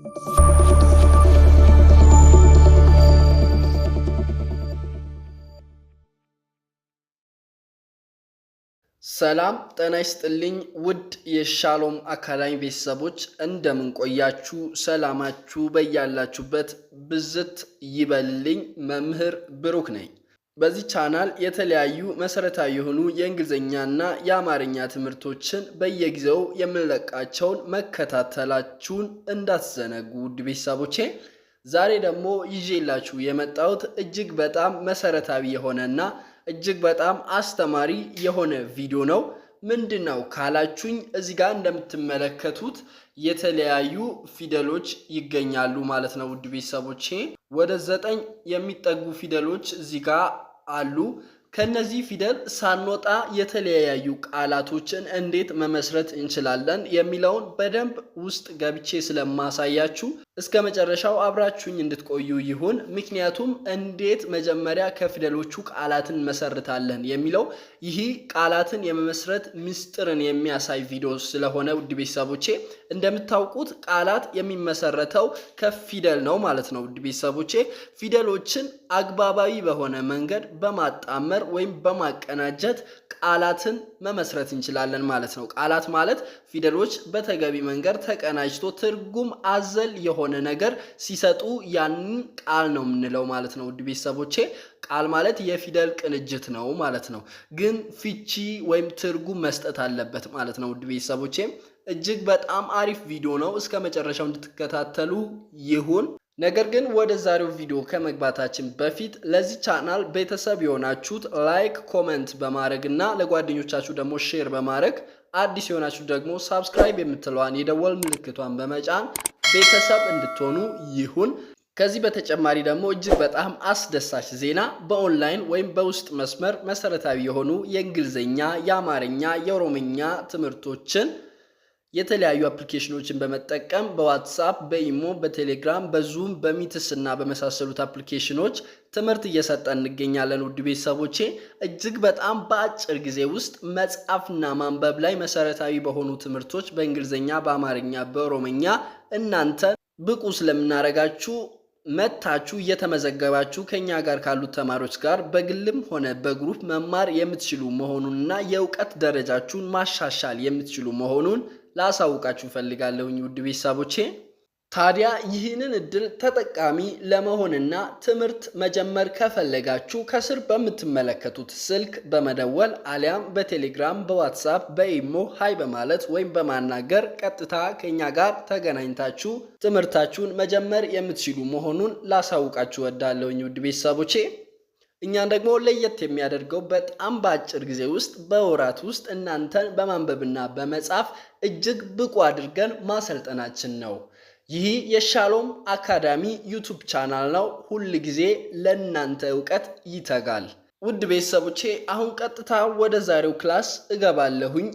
ሰላም ጤና ይስጥልኝ። ውድ የሻሎም አካዳሚ ቤተሰቦች እንደምን ቆያችሁ? ሰላማችሁ በያላችሁበት ብዝት ይበልልኝ። መምህር ብሩክ ነኝ። በዚህ ቻናል የተለያዩ መሰረታዊ የሆኑ የእንግሊዝኛና የአማርኛ ትምህርቶችን በየጊዜው የምንለቃቸውን መከታተላችሁን እንዳትዘነጉ ውድ ቤተሰቦቼ። ዛሬ ደግሞ ይዤላችሁ የመጣሁት እጅግ በጣም መሰረታዊ የሆነና እጅግ በጣም አስተማሪ የሆነ ቪዲዮ ነው። ምንድን ነው ካላችሁኝ፣ እዚህ ጋር እንደምትመለከቱት የተለያዩ ፊደሎች ይገኛሉ ማለት ነው ውድ ቤተሰቦቼ። ወደ ዘጠኝ የሚጠጉ ፊደሎች እዚህ ጋር አሉ። ከነዚህ ፊደል ሳንወጣ የተለያዩ ቃላቶችን እንዴት መመስረት እንችላለን የሚለውን በደንብ ውስጥ ገብቼ ስለማሳያችሁ እስከ መጨረሻው አብራችሁኝ እንድትቆዩ ይሁን። ምክንያቱም እንዴት መጀመሪያ ከፊደሎቹ ቃላትን መሰርታለን የሚለው ይህ ቃላትን የመመስረት ምስጢርን የሚያሳይ ቪዲዮ ስለሆነ ውድ ቤተሰቦቼ እንደምታውቁት ቃላት የሚመሰረተው ከፊደል ነው ማለት ነው። ውድ ቤተሰቦቼ ፊደሎችን አግባባዊ በሆነ መንገድ በማጣመር ወይም በማቀናጀት ቃላትን መመስረት እንችላለን ማለት ነው። ቃላት ማለት ፊደሎች በተገቢ መንገድ ተቀናጅቶ ትርጉም አዘል የሆነ ነገር ሲሰጡ ያንን ቃል ነው የምንለው ማለት ነው። ውድ ቤተሰቦቼ ቃል ማለት የፊደል ቅንጅት ነው ማለት ነው። ግን ፍቺ ወይም ትርጉም መስጠት አለበት ማለት ነው። ውድ ቤተሰቦቼ እጅግ በጣም አሪፍ ቪዲዮ ነው። እስከ መጨረሻው እንድትከታተሉ ይሁን። ነገር ግን ወደ ዛሬው ቪዲዮ ከመግባታችን በፊት ለዚህ ቻናል ቤተሰብ የሆናችሁት ላይክ፣ ኮመንት በማድረግ እና ለጓደኞቻችሁ ደግሞ ሼር በማድረግ አዲስ የሆናችሁ ደግሞ ሳብስክራይብ የምትለዋን የደወል ምልክቷን በመጫን ቤተሰብ እንድትሆኑ ይሁን። ከዚህ በተጨማሪ ደግሞ እጅግ በጣም አስደሳች ዜና በኦንላይን ወይም በውስጥ መስመር መሰረታዊ የሆኑ የእንግሊዝኛ፣ የአማርኛ፣ የኦሮምኛ ትምህርቶችን የተለያዩ አፕሊኬሽኖችን በመጠቀም በዋትሳፕ፣ በኢሞ፣ በቴሌግራም፣ በዙም፣ በሚትስ እና በመሳሰሉት አፕሊኬሽኖች ትምህርት እየሰጠ እንገኛለን። ውድ ቤተሰቦቼ እጅግ በጣም በአጭር ጊዜ ውስጥ መጻፍና ማንበብ ላይ መሰረታዊ በሆኑ ትምህርቶች በእንግሊዝኛ፣ በአማርኛ፣ በኦሮምኛ እናንተ ብቁ ስለምናደርጋችሁ መታችሁ እየተመዘገባችሁ ከኛ ጋር ካሉት ተማሪዎች ጋር በግልም ሆነ በግሩፕ መማር የምትችሉ መሆኑንና የእውቀት ደረጃችሁን ማሻሻል የምትችሉ መሆኑን ላሳውቃችሁ እፈልጋለሁኝ ውድ ቤተሰቦቼ። ታዲያ ይህንን እድል ተጠቃሚ ለመሆንና ትምህርት መጀመር ከፈለጋችሁ ከስር በምትመለከቱት ስልክ በመደወል አሊያም በቴሌግራም፣ በዋትሳፕ፣ በኢሞ ሀይ በማለት ወይም በማናገር ቀጥታ ከኛ ጋር ተገናኝታችሁ ትምህርታችሁን መጀመር የምትችሉ መሆኑን ላሳውቃችሁ ወዳለውኝ ውድ ቤተሰቦቼ። እኛን ደግሞ ለየት የሚያደርገው በጣም በአጭር ጊዜ ውስጥ በወራት ውስጥ እናንተን በማንበብና በመጻፍ እጅግ ብቁ አድርገን ማሰልጠናችን ነው። ይህ የሻሎም አካዳሚ ዩቱብ ቻናል ነው። ሁል ጊዜ ለእናንተ እውቀት ይተጋል። ውድ ቤተሰቦቼ አሁን ቀጥታ ወደ ዛሬው ክላስ እገባለሁኝ።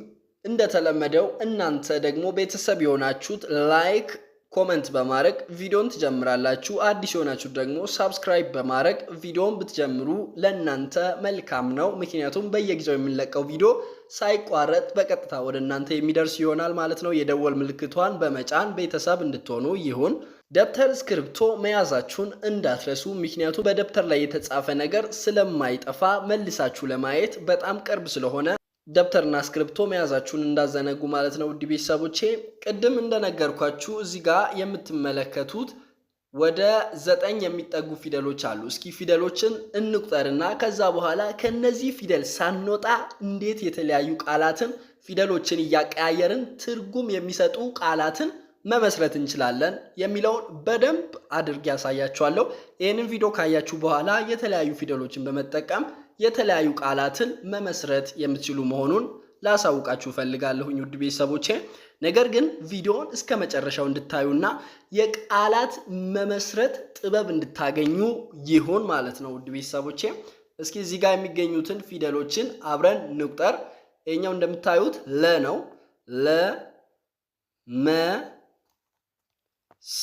እንደተለመደው እናንተ ደግሞ ቤተሰብ የሆናችሁት ላይክ ኮመንት በማድረግ ቪዲዮን ትጀምራላችሁ። አዲስ የሆናችሁ ደግሞ ሳብስክራይብ በማድረግ ቪዲዮን ብትጀምሩ ለእናንተ መልካም ነው። ምክንያቱም በየጊዜው የምንለቀው ቪዲዮ ሳይቋረጥ በቀጥታ ወደ እናንተ የሚደርስ ይሆናል ማለት ነው። የደወል ምልክቷን በመጫን ቤተሰብ እንድትሆኑ ይሁን። ደብተር እስክሪብቶ መያዛችሁን እንዳትረሱ፣ ምክንያቱም በደብተር ላይ የተጻፈ ነገር ስለማይጠፋ መልሳችሁ ለማየት በጣም ቅርብ ስለሆነ ደብተርና እስክሪብቶ መያዛችሁን እንዳዘነጉ ማለት ነው። ውድ ቤተሰቦቼ ቅድም እንደነገርኳችሁ እዚህ ጋር የምትመለከቱት ወደ ዘጠኝ የሚጠጉ ፊደሎች አሉ። እስኪ ፊደሎችን እንቁጠርና ከዛ በኋላ ከነዚህ ፊደል ሳንወጣ እንዴት የተለያዩ ቃላትን ፊደሎችን እያቀያየርን ትርጉም የሚሰጡ ቃላትን መመስረት እንችላለን የሚለውን በደንብ አድርጌ ያሳያችኋለሁ። ይህንን ቪዲዮ ካያችሁ በኋላ የተለያዩ ፊደሎችን በመጠቀም የተለያዩ ቃላትን መመስረት የምትችሉ መሆኑን ላሳውቃችሁ እፈልጋለሁኝ ውድ ቤተሰቦቼ። ነገር ግን ቪዲዮውን እስከ መጨረሻው እንድታዩና የቃላት መመስረት ጥበብ እንድታገኙ ይሁን ማለት ነው ውድ ቤተሰቦቼ። እስኪ እዚህ ጋር የሚገኙትን ፊደሎችን አብረን ንቁጠር። ይኛው እንደምታዩት ለ ነው። ለ መ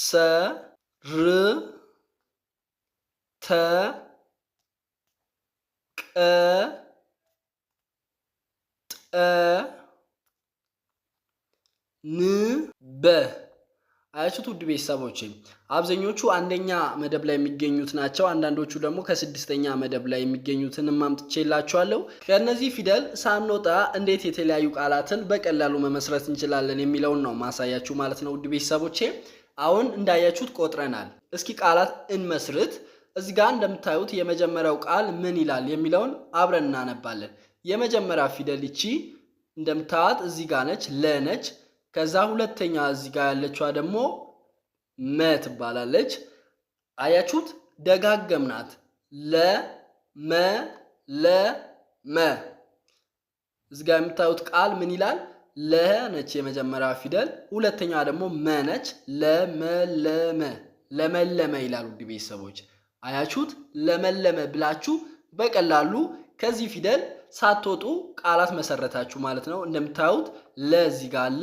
ሰ ር ተ ጥ ጠ ን በ አያችሁት ውድ ቤተሰቦች አብዛኞቹ አንደኛ መደብ ላይ የሚገኙት ናቸው። አንዳንዶቹ ደግሞ ከስድስተኛ መደብ ላይ የሚገኙትን ማምጥቼላችኋለሁ። ከእነዚህ ፊደል ሳንወጣ እንዴት የተለያዩ ቃላትን በቀላሉ መመስረት እንችላለን የሚለውን ነው ማሳያችሁ ማለት ነው ውድ ቤተሰቦቼ። አሁን እንዳያችሁት ቆጥረናል። እስኪ ቃላት እንመስርት። እዚህ ጋር እንደምታዩት የመጀመሪያው ቃል ምን ይላል የሚለውን አብረን እናነባለን። የመጀመሪያ ፊደል ይቺ እንደምታዩት እዚህ ጋር ነች፣ ለነች። ከዛ ሁለተኛ እዚህ ጋር ያለችዋ ደግሞ መ ትባላለች። አያችሁት? ደጋገምናት ለ መ ለ መ እዚህ ጋር የምታዩት ቃል ምን ይላል? ለ ነች የመጀመሪያ ፊደል፣ ሁለተኛ ደግሞ መ ነች ለመለመ ለመለመ ይላሉ ውድ ቤተሰቦች አያችሁት? ለመለመ ብላችሁ በቀላሉ ከዚህ ፊደል ሳትወጡ ቃላት መሰረታችሁ ማለት ነው። እንደምታዩት ለዚህ ጋር አለ፣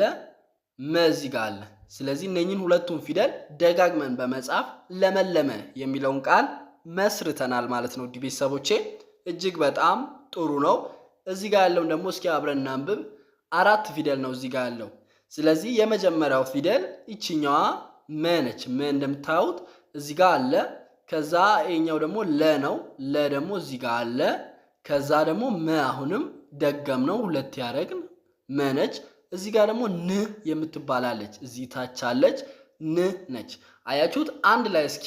መዚህ ጋር አለ። ስለዚህ እነኝን ሁለቱን ፊደል ደጋግመን በመጻፍ ለመለመ የሚለውን ቃል መስርተናል ማለት ነው። ዲህ ቤተሰቦቼ እጅግ በጣም ጥሩ ነው። እዚህ ጋር ያለውን ደግሞ እስኪ አብረን እናንብብ። አራት ፊደል ነው እዚህ ጋር ያለው። ስለዚህ የመጀመሪያው ፊደል ይችኛዋ መነች። መ እንደምታዩት እዚህ ጋር አለ ከዛ ይሄኛው ደግሞ ለ ነው። ለ ደግሞ እዚህ ጋር አለ። ከዛ ደግሞ መ አሁንም ደገም ነው ሁለት ያደረግን መነች። እዚህ ጋር ደግሞ ን የምትባላለች እዚህ ታች አለች ን ነች። አያችሁት? አንድ ላይ እስኪ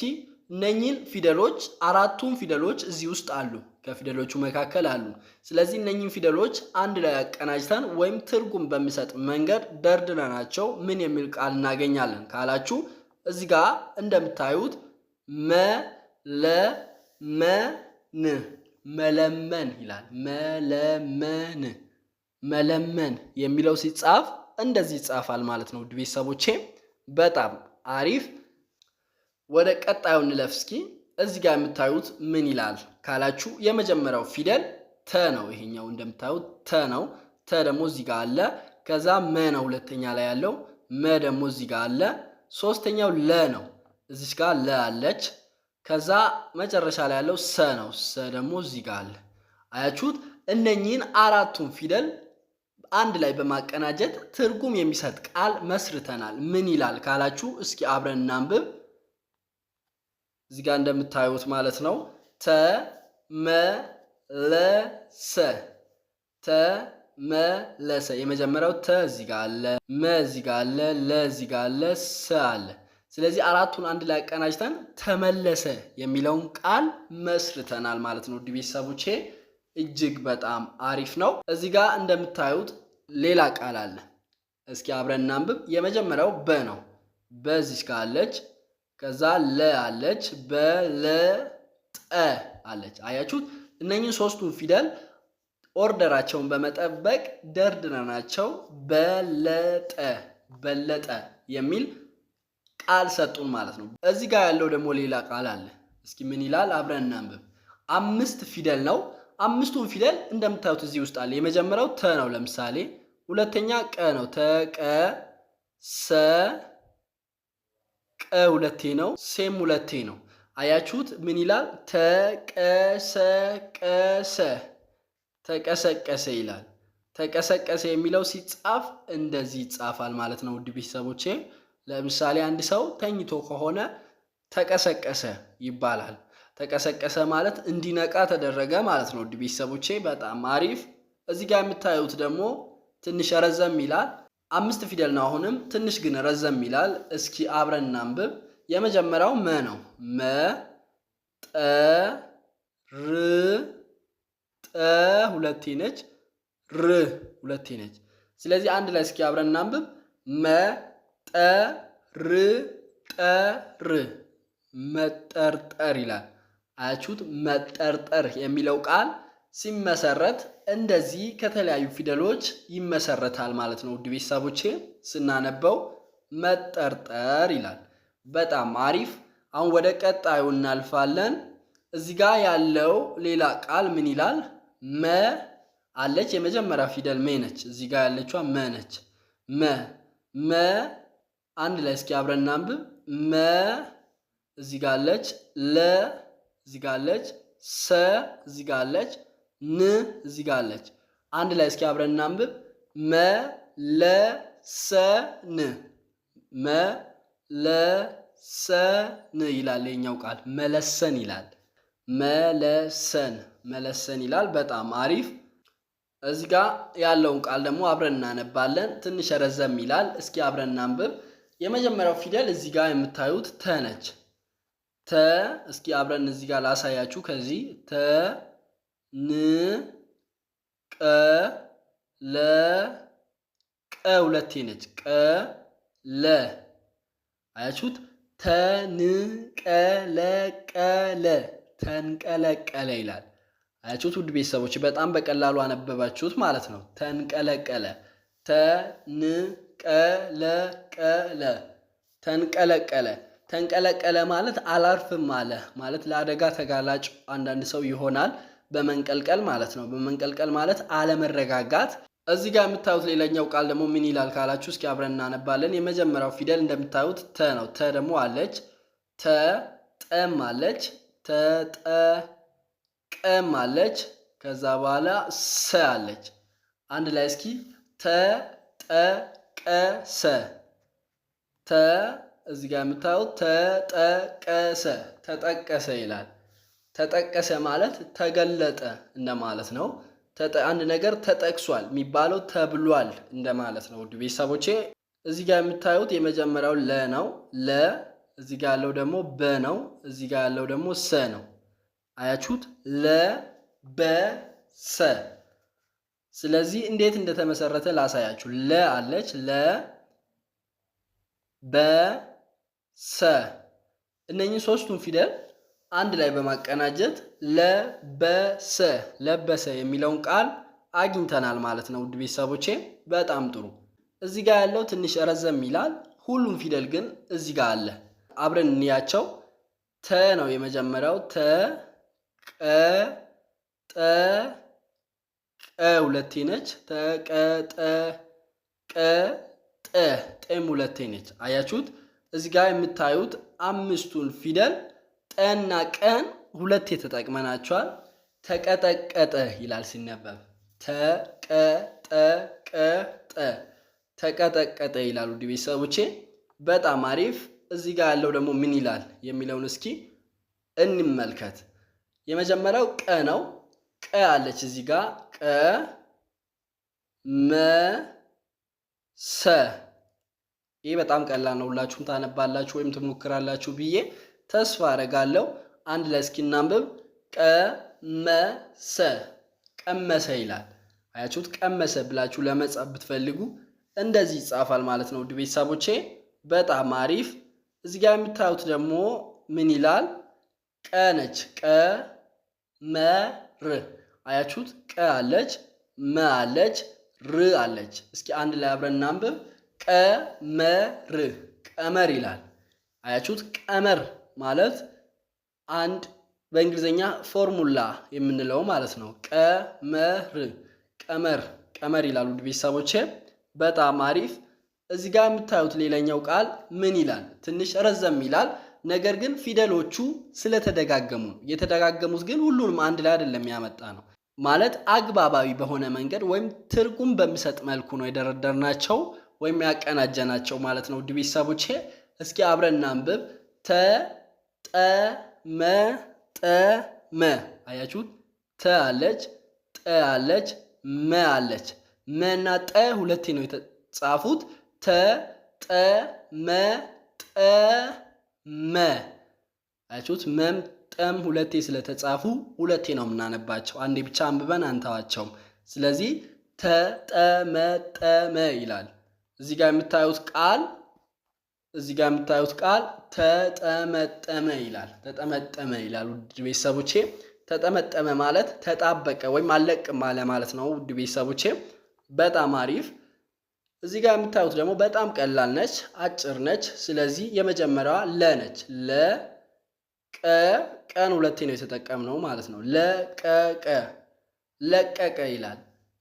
እነኚህን ፊደሎች አራቱን ፊደሎች እዚህ ውስጥ አሉ ከፊደሎቹ መካከል አሉ። ስለዚህ እነኚህን ፊደሎች አንድ ላይ አቀናጅተን ወይም ትርጉም በሚሰጥ መንገድ ደርድረናቸው ምን የሚል ቃል እናገኛለን ካላችሁ እዚህ ጋር እንደምታዩት መለመን መለመን ይላል። መለመን መለመን የሚለው ሲጻፍ እንደዚህ ይጻፋል ማለት ነው። ውድ ቤተሰቦቼ በጣም አሪፍ። ወደ ቀጣዩ እንለፍ እስኪ። እዚህ ጋር የምታዩት ምን ይላል ካላችሁ የመጀመሪያው ፊደል ተ ነው። ይሄኛው እንደምታዩት ተ ነው። ተ ደግሞ እዚህ ጋር አለ። ከዛ መ ነው ሁለተኛ ላይ ያለው መ ደግሞ እዚህ ጋር አለ። ሶስተኛው ለ ነው። እዚች ጋር ለ አለች። ከዛ መጨረሻ ላይ ያለው ሰ ነው። ሰ ደግሞ እዚህ ጋር አለ። አያችሁት? እነኚህን አራቱን ፊደል አንድ ላይ በማቀናጀት ትርጉም የሚሰጥ ቃል መስርተናል። ምን ይላል ካላችሁ እስኪ አብረን እናንብብ። እዚህ ጋር እንደምታዩት ማለት ነው ተ ተ መ መ ለ ሰ ለ ሰ የመጀመሪያው ተ እዚህ ጋር አለ፣ መ እዚህ ጋር አለ፣ ለ እዚህ ጋር አለ፣ ሰ አለ። ስለዚህ አራቱን አንድ ላይ አቀናጅተን ተመለሰ የሚለውን ቃል መስርተናል ማለት ነው። ውድ ቤተሰቦቼ እጅግ በጣም አሪፍ ነው። እዚህ ጋር እንደምታዩት ሌላ ቃል አለ። እስኪ አብረን እናንብብ። የመጀመሪያው በ ነው። በዚች ካለች ከዛ ለ አለች፣ በለጠ አለች። አያችሁት? እነኝን ሶስቱን ፊደል ኦርደራቸውን በመጠበቅ ደርድረናቸው በለጠ በለጠ የሚል ቃል ሰጡን ማለት ነው። እዚህ ጋር ያለው ደግሞ ሌላ ቃል አለ። እስኪ ምን ይላል አብረን እናንብብ። አምስት ፊደል ነው። አምስቱን ፊደል እንደምታዩት እዚህ ውስጥ አለ። የመጀመሪያው ተ ነው። ለምሳሌ ሁለተኛ ቀ ነው። ተ ቀ ሰ ቀ ሁለቴ ነው። ሴም ሁለቴ ነው። አያችሁት? ምን ይላል? ተቀሰቀሰ ተቀሰቀሰ ይላል። ተቀሰቀሰ የሚለው ሲጻፍ እንደዚህ ይጻፋል ማለት ነው ውድ ቤተሰቦቼ። ለምሳሌ አንድ ሰው ተኝቶ ከሆነ ተቀሰቀሰ ይባላል። ተቀሰቀሰ ማለት እንዲነቃ ተደረገ ማለት ነው። ውድ ቤተሰቦቼ በጣም አሪፍ። እዚህ ጋር የምታዩት ደግሞ ትንሽ ረዘም ይላል። አምስት ፊደል ነው። አሁንም ትንሽ ግን ረዘም ይላል። እስኪ አብረን እናንብብ። የመጀመሪያው መ ነው። መ ጠ ር ጠ ሁለቴ ነች፣ ር ሁለቴ ነች። ስለዚህ አንድ ላይ እስኪ አብረን እናንብብ መ ጠርጠር መጠርጠር ይላል። አያችሁት? መጠርጠር የሚለው ቃል ሲመሰረት እንደዚህ ከተለያዩ ፊደሎች ይመሰረታል ማለት ነው። ውድ ቤተሰቦቼ ስናነበው መጠርጠር ይላል። በጣም አሪፍ። አሁን ወደ ቀጣዩ እናልፋለን። እዚህ ጋር ያለው ሌላ ቃል ምን ይላል? መ አለች። የመጀመሪያ ፊደል መ ነች። እዚህ ጋር ያለችዋ መ ነች። መ መ አንድ ላይ እስኪ አብረን እናንብብ። መ እዚህ ጋለች፣ ለ እዚህ ጋለች፣ ሰ እዚህ ጋለች፣ ን እዚህ ጋለች። አንድ ላይ እስኪ አብረን እናንብብ። መ ለ ሰ ን መ ለ ሰ ን ይላል። የኛው ቃል መለሰን ይላል። መለሰን መለሰን ይላል። በጣም አሪፍ። እዚህ ጋ ያለውን ቃል ደግሞ አብረን እናነባለን። ትንሽ ረዘም ይላል። እስኪ አብረን እናንብብ። የመጀመሪያው ፊደል እዚህ ጋር የምታዩት ተ ነች። ተ እስኪ አብረን እዚህ ጋር ላሳያችሁ። ከዚህ ተ ን ቀ ለ ቀ ሁለቴ ነች። ቀ ለ አያችሁት? ተንቀለቀለ ተንቀለቀለ ይላል። አያችሁት? ውድ ቤተሰቦች በጣም በቀላሉ አነበባችሁት ማለት ነው። ተንቀለቀለ ን ተንቀለቀለ ተንቀለቀለ ተንቀለቀለ ማለት አላርፍም አለ ማለት ለአደጋ ተጋላጭ አንዳንድ ሰው ይሆናል በመንቀልቀል ማለት ነው። በመንቀልቀል ማለት አለመረጋጋት። እዚህ ጋር የምታዩት ሌላኛው ቃል ደግሞ ምን ይላል ካላችሁ እስኪ አብረን እናነባለን። የመጀመሪያው ፊደል እንደምታዩት ተ ነው። ተ ደግሞ አለች፣ ተጠም አለች፣ ተጠቀም አለች፣ ከዛ በኋላ ሰ አለች። አንድ ላይ እስኪ ተጠ ተጠቀሰ ተ እዚህ ጋር የምታዩት ተጠቀሰ ተጠቀሰ ይላል። ተጠቀሰ ማለት ተገለጠ እንደማለት ነው። አንድ ነገር ተጠቅሷል የሚባለው ተብሏል እንደማለት ነው። ውድ ቤተሰቦቼ እዚህ ጋር የምታዩት የመጀመሪያው ለ ነው። ለ እዚህ ጋር ያለው ደግሞ በ ነው። እዚህ ጋር ያለው ደግሞ ሰ ነው። አያችሁት? ለ በ ሰ ስለዚህ እንዴት እንደተመሰረተ ላሳያችሁ። ለ አለች ለ በ ሰ እነኚህ ሶስቱን ፊደል አንድ ላይ በማቀናጀት ለበሰ ለበሰ የሚለውን ቃል አግኝተናል ማለት ነው። ውድ ቤተሰቦቼ በጣም ጥሩ። እዚህ ጋር ያለው ትንሽ ረዘም ይላል። ሁሉም ፊደል ግን እዚህ ጋር አለ። አብረን እንያቸው። ተ ነው የመጀመሪያው ተ ቀ ጠ ቀ ሁለቴ ነች። ተቀጠ ቀጠ ጤም ሁለቴ ነች። አያችሁት? እዚህ ጋር የምታዩት አምስቱን ፊደል ጠና ቀን ሁለቴ ተጠቅመናቸዋል። ተቀጠቀጠ ይላል ሲነበብ ተቀጠቀጠ ተቀጠቀጠ ይላሉ። ውድ ቤተሰቦቼ በጣም አሪፍ። እዚህ ጋር ያለው ደግሞ ምን ይላል የሚለውን እስኪ እንመልከት። የመጀመሪያው ቀ ነው። ቀ አለች እዚህ ጋር ቀ መ ሰ ይህ በጣም ቀላል ነው። ሁላችሁም ታነባላችሁ ወይም ትሞክራላችሁ ብዬ ተስፋ አደርጋለሁ። አንድ ላይ እስኪ እናንብብ። ቀመሰ ቀመሰ ይላል። አያችሁት? ቀመሰ ብላችሁ ለመጻፍ ብትፈልጉ እንደዚህ ይጻፋል ማለት ነው። ውድ ቤተሰቦቼ በጣም አሪፍ። እዚህ ጋር የምታዩት ደግሞ ምን ይላል? ቀ ነች። ቀ መ ር አያችሁት? ቀ አለች፣ መ አለች፣ ር አለች። እስኪ አንድ ላይ አብረን እናንብብ። ቀመር ቀመር ይላል። አያችሁት? ቀመር ማለት አንድ በእንግሊዝኛ ፎርሙላ የምንለው ማለት ነው። ቀመር ቀመር ቀመር ይላል። ውድ ቤተሰቦቼ በጣም አሪፍ። እዚህ ጋር የምታዩት ሌላኛው ቃል ምን ይላል? ትንሽ ረዘም ይላል። ነገር ግን ፊደሎቹ ስለተደጋገሙ የተደጋገሙት ግን ሁሉንም አንድ ላይ አይደለም ያመጣ ነው ማለት አግባባዊ በሆነ መንገድ ወይም ትርጉም በሚሰጥ መልኩ ነው የደረደርናቸው ወይም ያቀናጀናቸው ማለት ነው። ውድ ቤተሰቦቼ እስኪ አብረን እናንብብ። ተጠመጠመ አያችሁት? ተ አለች፣ ጠ አለች፣ መ አለች። መና ጠ ሁለቴ ነው የተጻፉት። ተጠመጠ መ አያችሁት? መም ጠም ሁለቴ ስለተጻፉ ሁለቴ ነው የምናነባቸው። አንዴ ብቻ አንብበን አንተዋቸውም። ስለዚህ ተጠመጠመ ይላል። እዚህ ጋር የምታዩት ቃል እዚህ ጋር የምታዩት ቃል ተጠመጠመ ይላል። ተጠመጠመ ይላል። ውድ ቤተሰቦቼ ተጠመጠመ ማለት ተጣበቀ ወይም አለቅም አለ ማለት ነው። ውድ ቤተሰቦቼ በጣም አሪፍ እዚህ ጋር የምታዩት ደግሞ በጣም ቀላል ነች፣ አጭር ነች። ስለዚህ የመጀመሪያዋ ለ ነች። ለ ቀ ቀን ሁለቴ ነው የተጠቀምነው ማለት ነው። ለቀቀ ለቀቀ ይላል።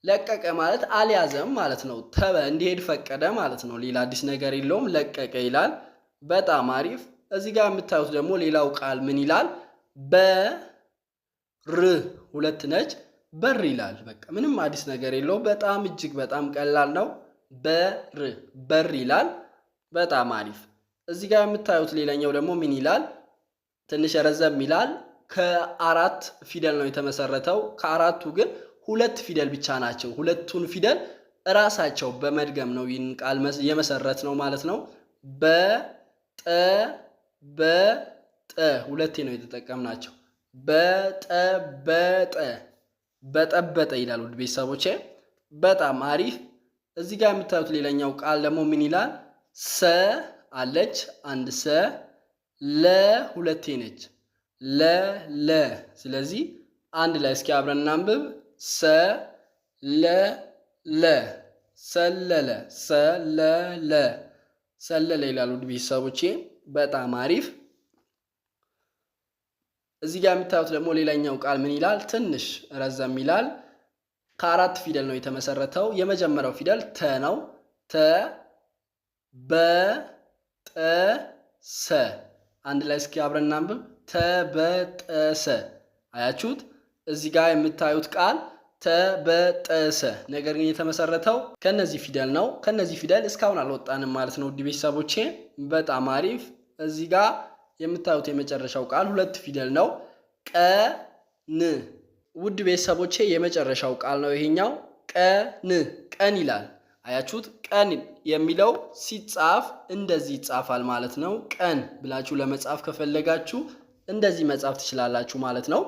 ለቀቀ ማለት አልያዘም ማለት ነው። ተበ እንዲሄድ ፈቀደ ማለት ነው። ሌላ አዲስ ነገር የለውም። ለቀቀ ይላል። በጣም አሪፍ። እዚህ ጋር የምታዩት ደግሞ ሌላው ቃል ምን ይላል? በር ሁለት ነች። በር ይላል። በቃ ምንም አዲስ ነገር የለውም። በጣም እጅግ በጣም ቀላል ነው። በር በር ይላል። በጣም አሪፍ። እዚህ ጋር የምታዩት ሌላኛው ደግሞ ምን ይላል? ትንሽ ረዘም ይላል። ከአራት ፊደል ነው የተመሰረተው። ከአራቱ ግን ሁለት ፊደል ብቻ ናቸው። ሁለቱን ፊደል እራሳቸው በመድገም ነው ይህን ቃል የመሰረት ነው ማለት ነው። በጠ በጠ ሁለቴ ነው የተጠቀምናቸው። በጠበጠ በጠበጠ ይላል። ውድ ቤተሰቦቼ በጣም አሪፍ እዚህ ጋር የምታዩት ሌላኛው ቃል ደግሞ ምን ይላል? ሰ አለች አንድ ሰ ለ ሁለቴ ነች ለ ለ ስለዚህ አንድ ላይ እስኪ አብረን እናንብብ። ሰ ለ ለ ሰለለ ሰለለ ሰለለ ይላሉ ቤተሰቦቼ። በጣም አሪፍ። እዚህ ጋር የምታዩት ደግሞ ሌላኛው ቃል ምን ይላል? ትንሽ ረዘም ይላል። ከአራት ፊደል ነው የተመሰረተው። የመጀመሪያው ፊደል ተ ነው። ተ በ ጠ ሰ አንድ ላይ እስኪ አብረን እናንብብ። ተበጠሰ። አያችሁት? እዚህ ጋር የምታዩት ቃል ተበጠሰ፣ ነገር ግን የተመሰረተው ከነዚህ ፊደል ነው። ከነዚህ ፊደል እስካሁን አልወጣንም ማለት ነው። ውድ ቤተሰቦቼ በጣም አሪፍ። እዚህ ጋር የምታዩት የመጨረሻው ቃል ሁለት ፊደል ነው። ቀን ውድ ቤተሰቦቼ የመጨረሻው ቃል ነው ይሄኛው። ቀን ቀን ይላል። አያችሁት? ቀን የሚለው ሲጻፍ እንደዚህ ይጻፋል ማለት ነው። ቀን ብላችሁ ለመጻፍ ከፈለጋችሁ እንደዚህ መጻፍ ትችላላችሁ ማለት ነው።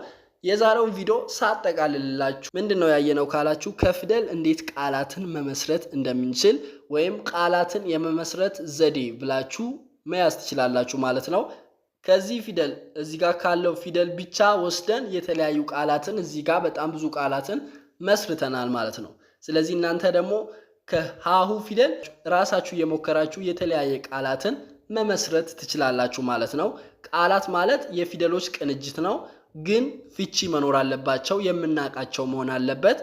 የዛሬውን ቪዲዮ ሳጠቃልልላችሁ ምንድን ነው ያየነው ካላችሁ ከፊደል እንዴት ቃላትን መመስረት እንደምንችል ወይም ቃላትን የመመስረት ዘዴ ብላችሁ መያዝ ትችላላችሁ ማለት ነው። ከዚህ ፊደል እዚህ ጋር ካለው ፊደል ብቻ ወስደን የተለያዩ ቃላትን እዚህ ጋር በጣም ብዙ ቃላትን መስርተናል ማለት ነው። ስለዚህ እናንተ ደግሞ ከሀሁ ፊደል ራሳችሁ የሞከራችሁ የተለያየ ቃላትን መመስረት ትችላላችሁ ማለት ነው። ቃላት ማለት የፊደሎች ቅንጅት ነው፣ ግን ፍቺ መኖር አለባቸው። የምናውቃቸው መሆን አለበት።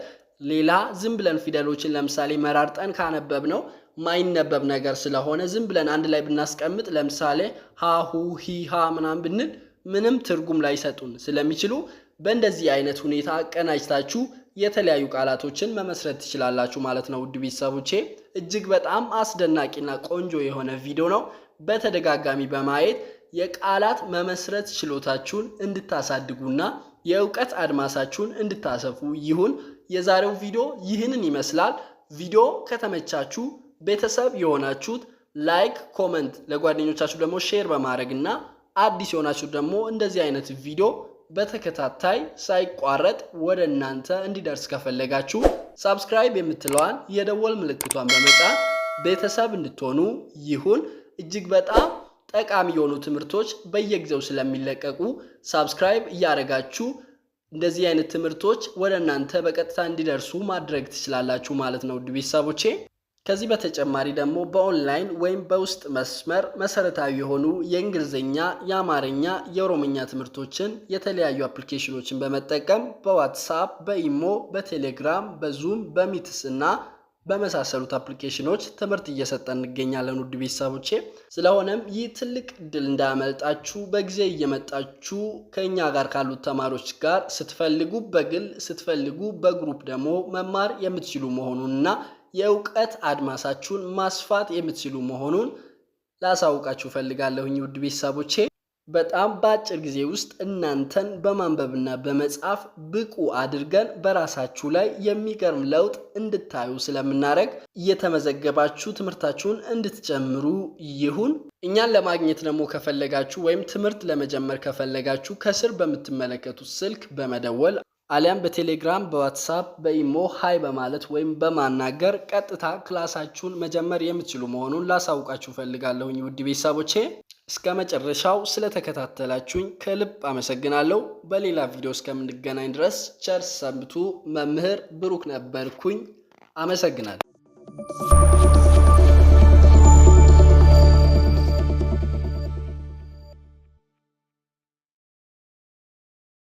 ሌላ ዝም ብለን ፊደሎችን ለምሳሌ መራርጠን ካነበብ ነው ማይነበብ ነገር ስለሆነ ዝም ብለን አንድ ላይ ብናስቀምጥ ለምሳሌ ሃሁ ሂሃ ምናምን ብንል ምንም ትርጉም ላይሰጡን ስለሚችሉ በእንደዚህ አይነት ሁኔታ አቀናጅታችሁ የተለያዩ ቃላቶችን መመስረት ትችላላችሁ ማለት ነው። ውድ ቤተሰቦቼ እጅግ በጣም አስደናቂና ቆንጆ የሆነ ቪዲዮ ነው። በተደጋጋሚ በማየት የቃላት መመስረት ችሎታችሁን እንድታሳድጉና የእውቀት አድማሳችሁን እንድታሰፉ ይሁን። የዛሬው ቪዲዮ ይህንን ይመስላል። ቪዲዮ ከተመቻችሁ ቤተሰብ የሆናችሁት ላይክ፣ ኮመንት ለጓደኞቻችሁ ደግሞ ሼር በማድረግ እና አዲስ የሆናችሁ ደግሞ እንደዚህ አይነት ቪዲዮ በተከታታይ ሳይቋረጥ ወደ እናንተ እንዲደርስ ከፈለጋችሁ ሳብስክራይብ የምትለዋን የደወል ምልክቷን በመጫን ቤተሰብ እንድትሆኑ ይሁን። እጅግ በጣም ጠቃሚ የሆኑ ትምህርቶች በየጊዜው ስለሚለቀቁ ሳብስክራይብ እያደረጋችሁ እንደዚህ አይነት ትምህርቶች ወደ እናንተ በቀጥታ እንዲደርሱ ማድረግ ትችላላችሁ ማለት ነው ውድ ቤተሰቦቼ። ከዚህ በተጨማሪ ደግሞ በኦንላይን ወይም በውስጥ መስመር መሰረታዊ የሆኑ የእንግሊዝኛ፣ የአማርኛ፣ የኦሮምኛ ትምህርቶችን የተለያዩ አፕሊኬሽኖችን በመጠቀም በዋትሳፕ፣ በኢሞ፣ በቴሌግራም፣ በዙም፣ በሚትስ እና በመሳሰሉት አፕሊኬሽኖች ትምህርት እየሰጠን እንገኛለን ውድ ቤተሰቦቼ። ስለሆነም ይህ ትልቅ እድል እንዳያመልጣችሁ በጊዜ እየመጣችሁ ከእኛ ጋር ካሉት ተማሪዎች ጋር ስትፈልጉ በግል ስትፈልጉ በግሩፕ ደግሞ መማር የምትችሉ መሆኑንና የእውቀት አድማሳችሁን ማስፋት የምትችሉ መሆኑን ላሳውቃችሁ ፈልጋለሁኝ። ውድ ቤተሰቦቼ በጣም በአጭር ጊዜ ውስጥ እናንተን በማንበብና በመጻፍ ብቁ አድርገን በራሳችሁ ላይ የሚገርም ለውጥ እንድታዩ ስለምናደርግ እየተመዘገባችሁ ትምህርታችሁን እንድትጨምሩ ይሁን። እኛን ለማግኘት ደግሞ ከፈለጋችሁ ወይም ትምህርት ለመጀመር ከፈለጋችሁ ከስር በምትመለከቱት ስልክ በመደወል አሊያም በቴሌግራም በዋትሳፕ በኢሞ ሀይ በማለት ወይም በማናገር ቀጥታ ክላሳችሁን መጀመር የምትችሉ መሆኑን ላሳውቃችሁ ፈልጋለሁኝ። ውድ ቤተሰቦቼ እስከ መጨረሻው ስለተከታተላችሁኝ ከልብ አመሰግናለሁ። በሌላ ቪዲዮ እስከምንገናኝ ድረስ ቸር ሰንብቱ። መምህር ብሩክ ነበርኩኝ። አመሰግናለሁ።